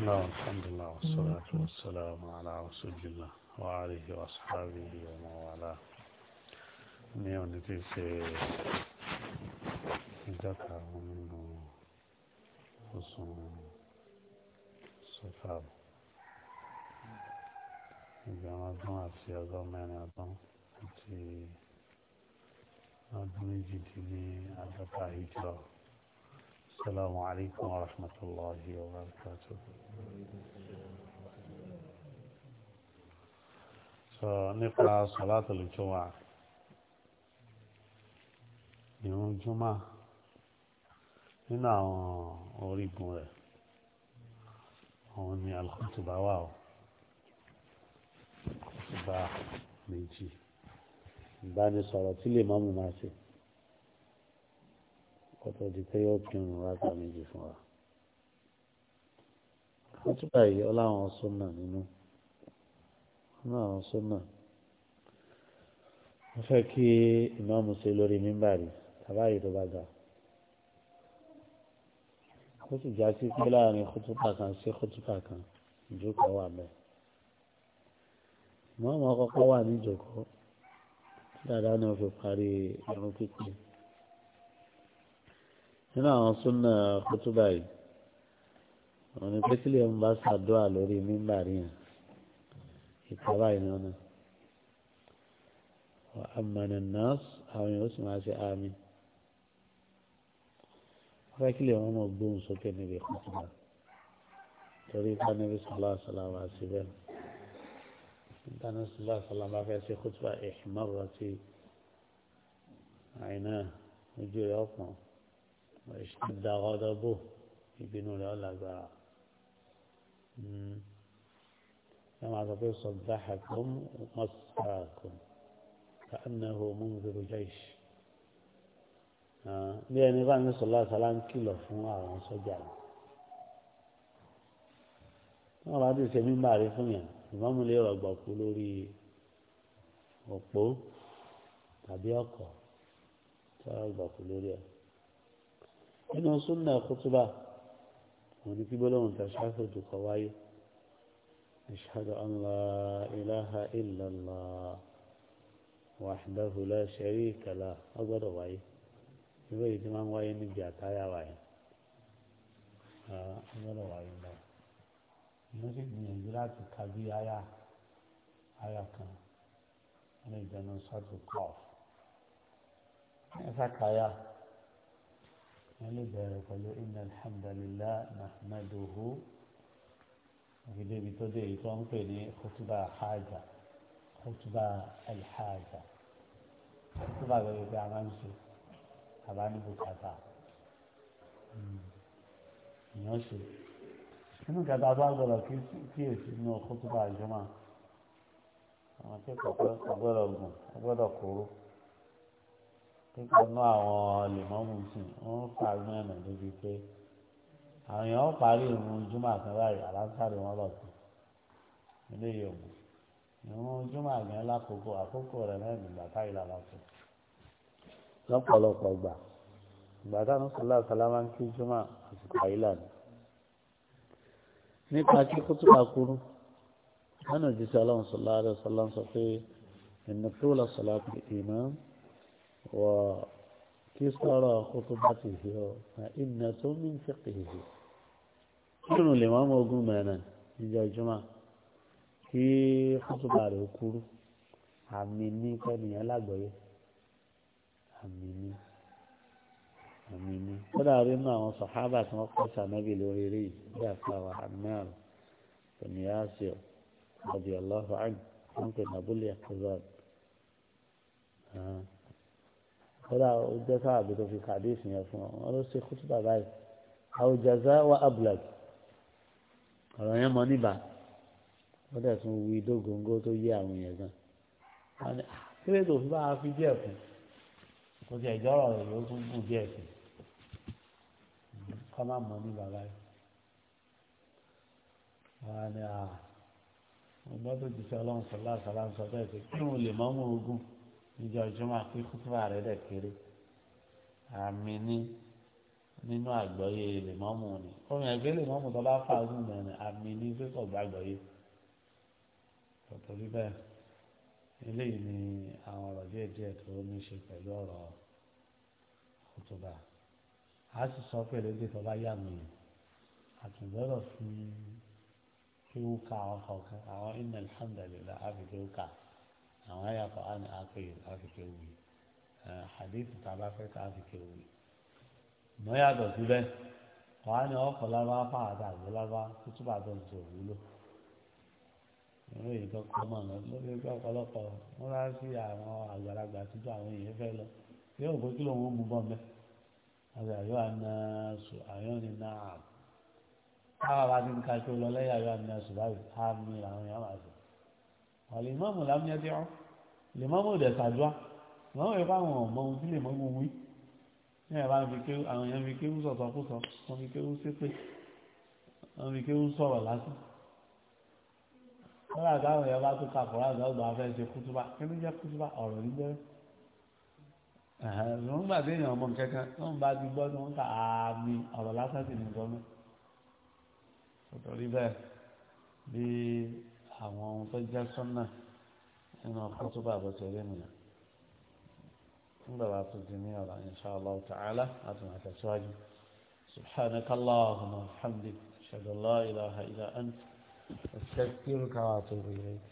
الله والحمد لله والصلاة والسلام على رسول الله وعليه وأصحابه ومن والاه ní ọ̀nà tí ń ṣe ìjọka àwọn nínú oṣù sọfàbù ìgbàwọn ọdún àti ọgọ́ mẹ́rin ọdún àti ọdún méjìdínláàádọ́ta ìjọ. السلام عليكم ورحمة الله وبركاته نقرأ صلاة الجمعة يوم الجمعة هنا أريد هنا الخطبة واو خطبة méjì ìbánisọ̀rọ̀ tí lè mọ́mú kótó di pé yóò kírun rákà méjì fún wa. wọ́n túbà yìí ọláwọn súnà nínú ọláwọn súnà wọ́n fẹ́ kí ìmáàmù ṣe lórí mímbàrí tàbá yìí tó bá ga. ó sì já sí pé láàrin kótópà kan sí kótópà kan ìjókòó wà bẹ́ẹ̀. ìmáàmù àkọ́kọ́ wà ní ìjókòó dáadáa ni wọ́n fi parí irun pípé. هنا هناك خطباي وانا بكل يوم باسع الدعاء لوري من بارين يتباين هنا وأمن الناس أمن يوسم عسي آمين بكل يوم مضبون سوكي نبي خطبا طريقة نبي صلى الله عليه وسلم عسي بل انت نسل الله صلى الله عليه وسلم عسي خطبا واشتد غضبه ìbínú rẹ̀ ọ̀làgbára hmm. ẹ máa sọ pé sọ̀dá àkọ́m mọ́sàkùn káànáhù múndùrú jẹ́ìṣì bí ẹni bá ní sọ̀lá sàlá ń kìlọ̀ fún àwọn sọ́jà rẹ̀ wọ́n bá ti ṣe mímbà rí fún yẹn ìmọ̀mù lè rọ̀gbọ̀ kú lórí òpó tàbí ọkọ̀ tí wọ́n rọ̀gbọ̀ kú lórí ẹ̀. نو سنه خطبه اونی کی بوله اون تشهد تو قوای اشهد ان لا اله الا الله وحده لا شريك له اگر وای یو امام وای نه بیا تا یا وای ها اگر وای نه مزه دې ګرات کبي آیا آیا کا نه جنن wọ́n lè bẹ̀rẹ̀ pẹ̀lú inna alhamdulillah nahmaduhu àfi débi tó dé èyí tó ń pè ní khutuba haja khutuba alhaja khutuba gbẹgbẹ pé a máa ń ṣe àbá ní bùkátà ìyàn ṣe nínú kẹta bá gbọ́dọ̀ kí èsì nínú khutuba àjọmọ àwọn akẹ́kọ̀ọ́ gbọ́dọ̀ gùn gbọ́dọ̀ kúrú púpọ̀ náà àwọn lèmọ́mù sí wọ́n fàánú ẹ̀nà níbi pé àwọn èèyàn parí ìrun júmọ̀ kan báyìí àlàáfíàrí wọn lọ sí eléyìí òmù ìrun júmọ̀ àgbẹ̀ lákòókò àkókò rẹ̀ náà nígbà táyì lálàfo lọ́pọ̀lọpọ̀ gbà ìgbà táwọn sọlá sálámà ń kí júmọ̀ àsìkò àyílà ni nípa kí kútùbà kúrú wọn ò jíṣẹ́ ọlọ́run sọlá rẹ̀ sọlá ń sọ pé ìnàkúrò lọ́sọ̀lá ìmọ̀ وكسر خطبته فإنة من فقهه كنوا الإمام وقومانا إجا جمع في خطبة الكور عميني كان يلاقوي عميني عميني كنا رمنا وصحابة مقصة نبي الوريري جاء وعمار بن ياسر رضي الله عنه ممكن أبو اليحزاب آه kódà ó jẹ́ sáàbì tó fi kàdéèsì yẹn fún ọ wọn ló ṣe kútu bàbá yìí àwùjàzá wa ablag ọ̀rọ̀ yẹn mọ níbà ó dẹ̀ tún wí dógóńgó tó yé àwọn èèyàn gan wọn ni kílódé tó fi bá a fi díẹ̀ kù kò tiẹ̀ jọ́rọ̀ rẹ̀ yóò tún gùn díẹ̀ sí kọ́ má mọ níbà báyìí wọn ni àwọn ọmọ tó ti sọ ọlọ́run sọ láṣà láṣà bẹ́ẹ̀ pé kí wọn lè mọ́ mú ogun níjọ́ jùmọ̀ kí kútùbà rẹ̀ dẹ̀ kéré àmì ní nínú àgbọ́yé lèmọ́mù ni omi ẹ̀gbẹ́ lèmọ́mù tó bá fàágùn mẹ́rin àmì ní pípọ̀ gbàgbọ́yé tọ̀tọ̀rí bẹ́ẹ̀ eléyìí ni àwọn ọ̀rọ̀ díẹ̀ díẹ̀ tó ní ṣe pẹ̀lú ọ̀rọ̀ kútùbà a sì sọ pé lédè tó bá yà mí àtúndọ́rọ̀ fi kéwù ká àwọn kọ̀ọ̀kan àwọn inna alhamdulillah àfi kéwù ká. àwọn àyà fàá ni àkèyè káfíkè wì hadith tàbá fẹ́ káfíkè wì. mọ yàtọ̀ síbẹ̀ wàá ní ọkọ̀ lábá fàádà àgbò lábá tútúbà tó ń sọ wúlò. ìwé yìí mọ̀ náà lórí pé ọ̀pọ̀lọpọ̀ sí àwọn àgbàlagbà àwọn èèyàn fẹ́ lọ lòun ó mú bọ́ mẹ́. àna náà. bá ti ń ka tó lọ lẹ́yìn àlè mọ́mù lámúyẹ́dẹ́ ọ́ lè mọ́mù òdẹ̀ sàdúrà mọ́mù yẹn fáwọn ọmọ ohun tí lè mọ́mù wí ní ẹ̀ bá ń fi kéwú àwọn èèyàn fi kéwú sọ̀tọ̀ kú sọ wọ́n fi kéwú ṣépè wọ́n fi kéwú sọ̀rọ̀ lásán lọ́la táwọn èèyàn bá tún ka kọ̀ọ̀rọ̀ àgbà ọgbà afẹ́ ṣe kútúbà kí ló jẹ́ kútúbà ọ̀rọ̀ nígbẹ́rẹ́ ẹ̀hẹ́n gbà tí èèyàn ọmọ kankan tó ń bá ti gbọ́ ní wọ́n ta àmì ọ̀rọ̀ lásán sì ní gbọ́mọ́ àwọn ohun tó já sọ́nà nínú bó kótóbà rí nìyẹn nígbà wàá tó di ní ọ̀la inṣàlá ta'ala láti màá tẹ̀síwájú سبحانك اللهم وبحمدك اشهد ان لا اله الا انت استغفرك واتوب اليك